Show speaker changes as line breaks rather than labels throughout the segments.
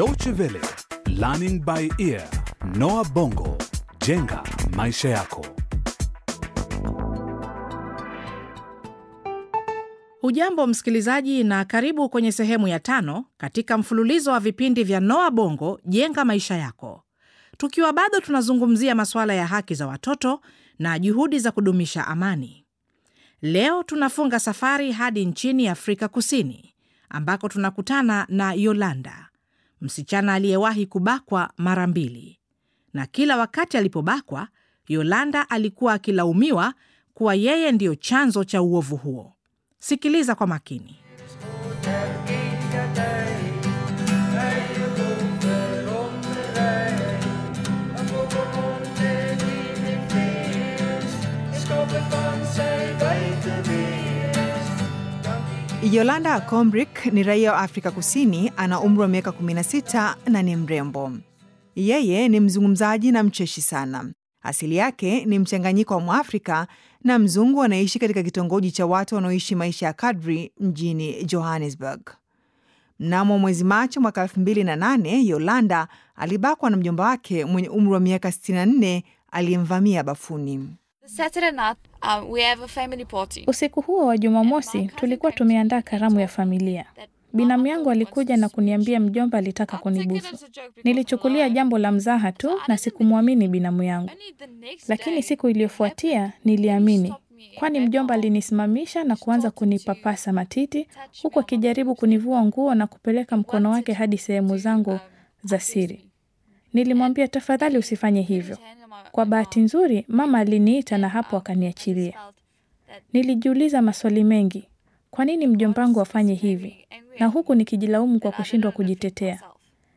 Deutsche Welle, Learning by Ear, Noah Bongo, Jenga Maisha Yako.
Ujambo msikilizaji na karibu kwenye sehemu ya tano katika mfululizo wa vipindi vya Noah Bongo, Jenga Maisha Yako. Tukiwa bado tunazungumzia masuala ya haki za watoto na juhudi za kudumisha amani. Leo tunafunga safari hadi nchini Afrika Kusini ambako tunakutana na Yolanda msichana aliyewahi kubakwa mara mbili, na kila wakati alipobakwa, Yolanda alikuwa akilaumiwa kuwa yeye ndiyo chanzo cha uovu huo. Sikiliza kwa makini.
Yolanda Combrick ni raia wa Afrika Kusini, ana umri wa miaka 16 na ni mrembo. Yeye ni mzungumzaji na mcheshi sana. Asili yake ni mchanganyiko wa Mwafrika na mzungu, anaishi katika kitongoji cha watu wanaoishi maisha ya kadri mjini Johannesburg. Mnamo mwezi Machi mwaka 208 Yolanda alibakwa na mjomba wake mwenye umri wa miaka 64 aliyemvamia bafuni.
Saturday night Um, we
have a family party. Usiku huo wa Jumamosi tulikuwa tumeandaa karamu ya familia. Binamu yangu alikuja na kuniambia mjomba alitaka kunibusu. Nilichukulia jambo la mzaha tu na sikumwamini binamu yangu, lakini siku iliyofuatia niliamini, kwani mjomba alinisimamisha na kuanza kunipapasa matiti huku akijaribu kunivua nguo na kupeleka mkono wake hadi sehemu zangu um, za siri. Nilimwambia tafadhali usifanye hivyo. Kwa bahati nzuri, mama aliniita na hapo akaniachilia. Nilijiuliza maswali mengi, kwa nini mjombangu afanye hivi, na huku nikijilaumu kwa kushindwa kujitetea.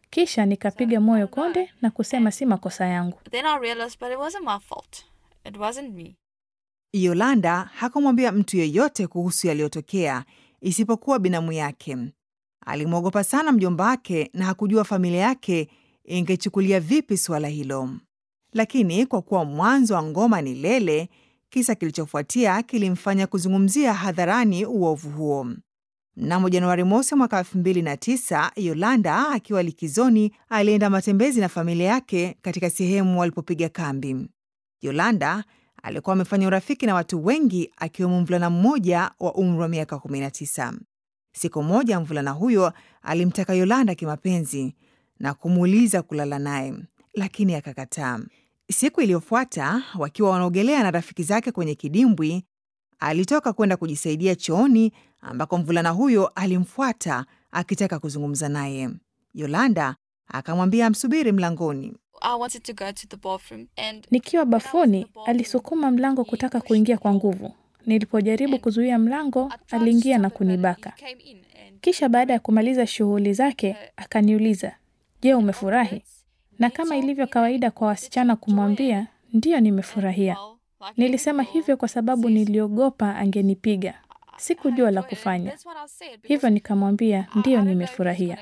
Kisha nikapiga moyo konde na kusema si makosa yangu. Yolanda
hakumwambia mtu yeyote kuhusu yaliyotokea isipokuwa binamu yake. Alimwogopa sana mjomba wake na hakujua familia yake ingechukulia vipi suala hilo. Lakini kwa kuwa mwanzo wa ngoma ni lele, kisa kilichofuatia kilimfanya kuzungumzia hadharani uovu huo. Mnamo Januari mosi mwaka tisa, Yolanda akiwa likizoni alienda matembezi na familia yake katika sehemu walipopiga kambi. Yolanda alikuwa amefanya urafiki na watu wengi akiwemo mvulana mmoja wa umri wa miaka 19. Siku moja mvulana huyo alimtaka Yolanda kimapenzi na kumuuliza kulala naye, lakini akakataa. Siku iliyofuata wakiwa wanaogelea na rafiki zake kwenye kidimbwi, alitoka kwenda kujisaidia chooni, ambako mvulana huyo alimfuata akitaka kuzungumza naye. Yolanda akamwambia amsubiri mlangoni.
nikiwa bafuni alisukuma mlango kutaka kuingia kwa nguvu. Nilipojaribu kuzuia mlango, aliingia na kunibaka. Kisha baada ya kumaliza shughuli zake, uh, akaniuliza Je, umefurahi? Na kama ilivyo kawaida kwa wasichana kumwambia, ndiyo, nimefurahia. Nilisema hivyo kwa sababu niliogopa angenipiga. Sikujua la kufanya, hivyo nikamwambia ndiyo, nimefurahia.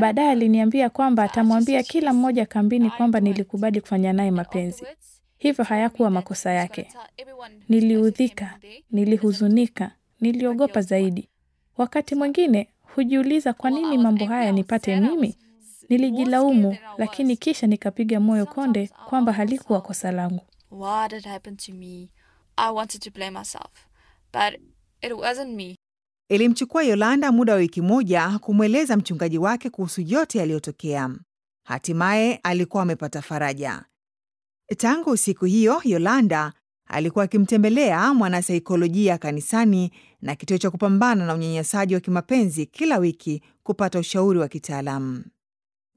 Baadaye aliniambia kwamba atamwambia kila mmoja kambini kwamba nilikubali kufanya naye mapenzi, hivyo hayakuwa makosa yake. Niliudhika, nilihuzunika, niliogopa zaidi. Wakati mwingine hujiuliza kwa nini mambo haya nipate mimi? Nilijilaumu, lakini kisha nikapiga moyo konde kwamba halikuwa kosa langu. Ilimchukua Yolanda muda wa wiki moja
kumweleza mchungaji wake kuhusu yote yaliyotokea. Hatimaye alikuwa amepata faraja. Tangu siku hiyo, Yolanda alikuwa akimtembelea mwanasaikolojia kanisani na kituo cha kupambana na unyanyasaji wa kimapenzi kila wiki kupata ushauri wa kitaalamu.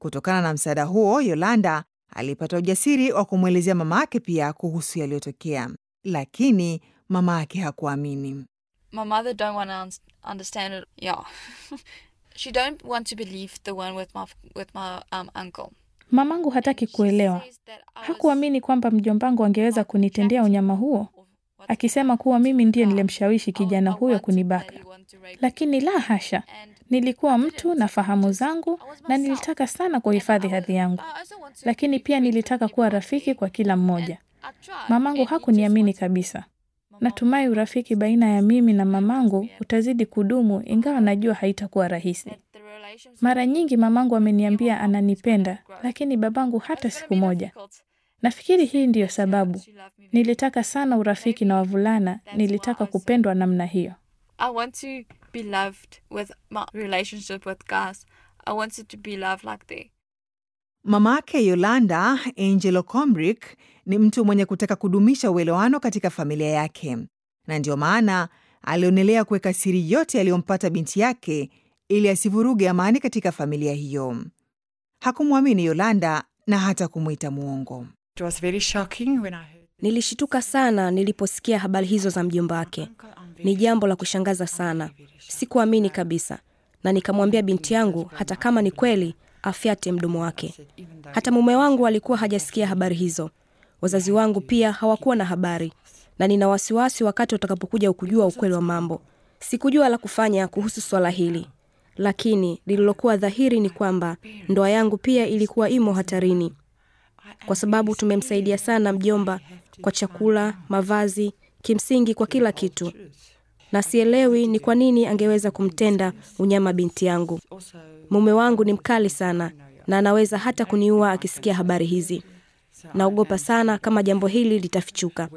Kutokana na msaada huo, Yolanda alipata ujasiri wa kumwelezea mama yake pia kuhusu yaliyotokea, lakini mama
yake hakuamini. Um, Mamangu hataki kuelewa, hakuamini kwamba mjombangu angeweza kunitendea unyama huo akisema kuwa mimi ndiye nilimshawishi kijana huyo kunibaka, lakini la hasha. Nilikuwa mtu na fahamu zangu na nilitaka sana kuhifadhi hadhi yangu, lakini pia nilitaka kuwa rafiki kwa kila mmoja. Mamangu hakuniamini kabisa. Natumai urafiki baina ya mimi na mamangu utazidi kudumu, ingawa najua haitakuwa rahisi. Mara nyingi mamangu ameniambia ananipenda, lakini babangu hata siku moja. Nafikiri hii ndiyo sababu nilitaka sana urafiki na wavulana, nilitaka kupendwa namna hiyo. Mama yake Yolanda,
Angelo Combrick, ni mtu mwenye kutaka kudumisha uelewano katika familia yake, na ndiyo maana alionelea kuweka siri yote aliyompata binti yake ili asivuruge amani katika familia hiyo. Hakumwamini Yolanda na hata kumwita
mwongo. It was very shocking when I heard... Nilishituka sana niliposikia habari hizo za mjomba wake. Ni jambo la kushangaza sana, sikuamini kabisa, na nikamwambia binti yangu hata kama ni kweli afyate mdomo wake. Hata mume wangu alikuwa hajasikia habari hizo. Wazazi wangu pia hawakuwa na habari, na nina wasiwasi wakati utakapokuja ukujua ukweli wa mambo. Sikujua la kufanya kuhusu swala hili, lakini lililokuwa dhahiri ni kwamba ndoa yangu pia ilikuwa imo hatarini kwa sababu tumemsaidia sana mjomba kwa chakula, mavazi, kimsingi kwa kila kitu, na sielewi ni kwa nini angeweza kumtenda unyama binti yangu. Mume wangu ni mkali sana na anaweza hata kuniua akisikia habari hizi. Naogopa sana kama jambo hili litafichuka,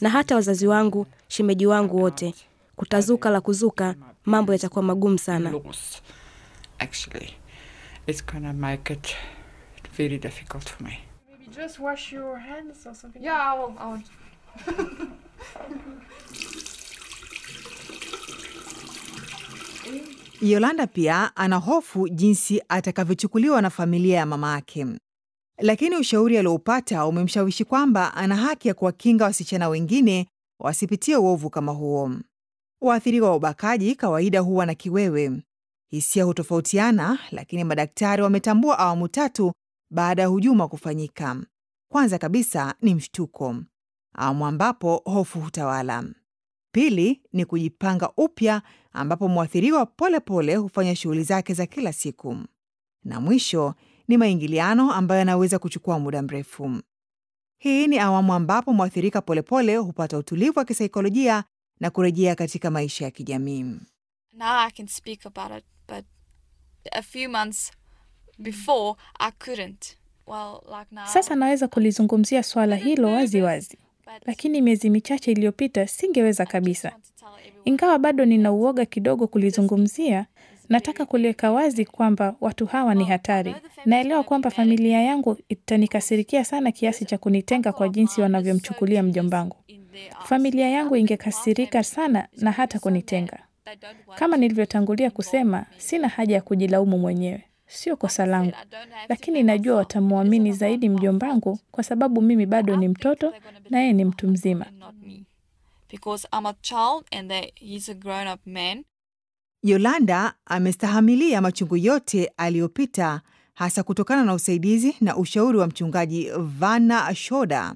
na hata wazazi wangu, shemeji wangu wote. Kutazuka la kuzuka, mambo yatakuwa magumu sana.
Actually, it's gonna make it very difficult for me.
Just wash your hands or something. Yeah, I will. I will.
Yolanda pia ana hofu jinsi atakavyochukuliwa na familia ya mama yake, lakini ushauri alioupata umemshawishi kwamba ana haki ya kuwakinga wasichana wengine wasipitie uovu kama huo. Waathiriwa wa ubakaji kawaida huwa na kiwewe, hisia hutofautiana, lakini madaktari wametambua awamu tatu baada ya hujuma kufanyika. Kwanza kabisa ni mshtuko, awamu ambapo hofu hutawala. Pili ni kujipanga upya, ambapo mwathiriwa polepole hufanya shughuli zake za kila siku, na mwisho ni maingiliano ambayo yanaweza kuchukua muda mrefu. Hii ni awamu ambapo mwathirika polepole hupata utulivu wa kisaikolojia na kurejea katika maisha ya kijamii.
Before, I couldn't. Well, like now, sasa
naweza kulizungumzia swala hilo wazi wazi, lakini miezi michache iliyopita singeweza kabisa. Ingawa bado nina uoga kidogo kulizungumzia, nataka kuliweka wazi kwamba watu hawa ni hatari. Naelewa kwamba familia yangu itanikasirikia sana kiasi cha kunitenga kwa jinsi wanavyomchukulia mjombangu. Familia yangu ingekasirika sana na hata kunitenga. Kama nilivyotangulia kusema, sina haja ya kujilaumu mwenyewe. Sio kosa langu, lakini najua watamwamini zaidi mjombangu kwa sababu mimi bado ni mtoto na yeye ni mtu mzima. Yolanda amestahamilia
machungu yote aliyopita, hasa kutokana na usaidizi na ushauri wa mchungaji Vana Shoda.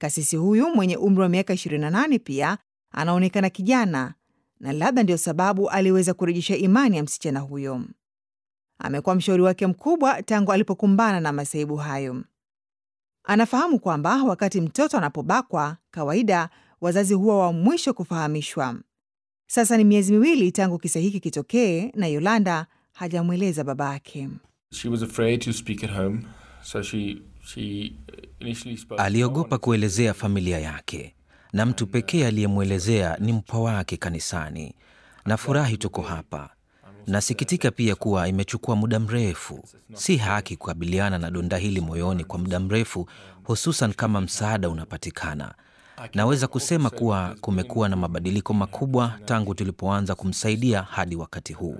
Kasisi huyu mwenye umri wa miaka 28 pia anaonekana kijana, na labda ndiyo sababu aliweza kurejesha imani ya msichana huyo amekuwa mshauri wake mkubwa tangu alipokumbana na masaibu hayo. Anafahamu kwamba wakati mtoto anapobakwa, kawaida wazazi huwa wa mwisho kufahamishwa. Sasa ni miezi miwili tangu kisa hiki kitokee, na Yolanda hajamweleza baba yake.
aliogopa kuelezea familia yake, na mtu pekee aliyemwelezea ni mpwa wake kanisani. Nafurahi tuko hapa Nasikitika pia kuwa imechukua muda mrefu. Si haki kukabiliana na donda hili moyoni kwa muda mrefu, hususan kama msaada unapatikana. Naweza kusema kuwa kumekuwa na mabadiliko makubwa tangu tulipoanza kumsaidia hadi wakati huu.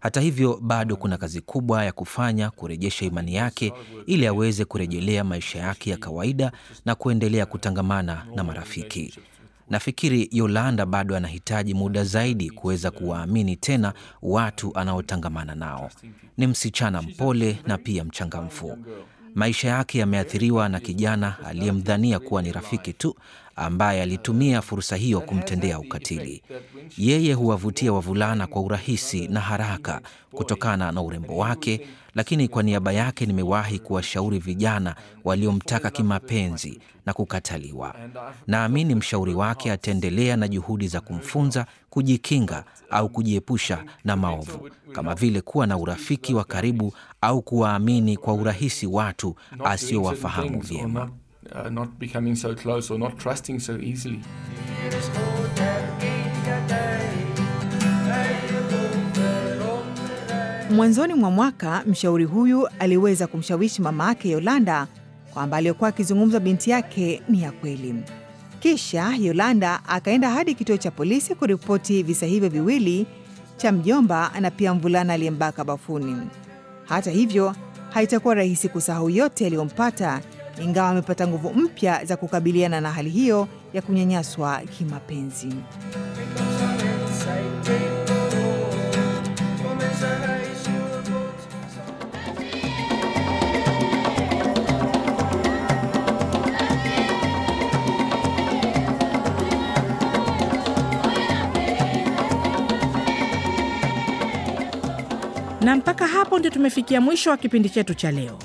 Hata hivyo, bado kuna kazi kubwa ya kufanya kurejesha imani yake ili aweze kurejelea maisha yake ya kawaida na kuendelea kutangamana na marafiki. Nafikiri Yolanda bado anahitaji muda zaidi kuweza kuwaamini tena watu anaotangamana nao. Ni msichana mpole na pia mchangamfu. Maisha yake yameathiriwa na kijana aliyemdhania kuwa ni rafiki tu ambaye alitumia fursa hiyo kumtendea ukatili. Yeye huwavutia wavulana kwa urahisi na haraka kutokana na urembo wake, lakini kwa niaba yake nimewahi kuwashauri vijana waliomtaka kimapenzi na kukataliwa. Naamini mshauri wake ataendelea na juhudi za kumfunza kujikinga au kujiepusha na maovu kama vile kuwa na urafiki wa karibu au kuwaamini kwa urahisi watu asiowafahamu
vyema uh, not becoming so close or not trusting so easily.
Mwanzoni mwa mwaka mshauri huyu aliweza kumshawishi mama yake Yolanda kwamba aliyokuwa akizungumza binti yake ni ya kweli. Kisha Yolanda akaenda hadi kituo cha polisi kuripoti visa hivyo viwili, cha mjomba na pia mvulana aliyembaka bafuni. Hata hivyo, haitakuwa rahisi kusahau yote yaliyompata ingawa amepata nguvu mpya za kukabiliana na hali hiyo ya kunyanyaswa kimapenzi.
Na mpaka hapo ndio tumefikia mwisho wa kipindi chetu cha leo.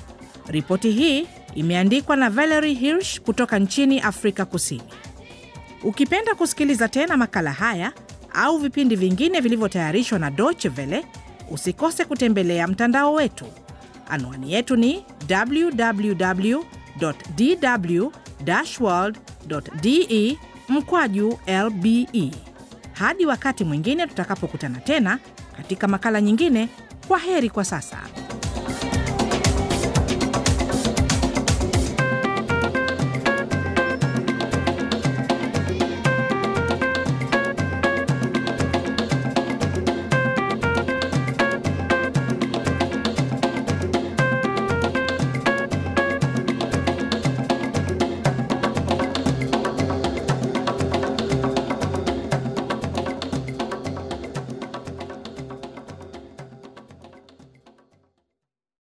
Ripoti hii imeandikwa na valery hirsh kutoka nchini Afrika Kusini. Ukipenda kusikiliza tena makala haya au vipindi vingine vilivyotayarishwa na Deutsche vele usikose kutembelea mtandao wetu. Anwani yetu ni www.dw-world.de mkwaju lbe. Hadi wakati mwingine tutakapokutana tena katika makala nyingine, kwa heri kwa sasa.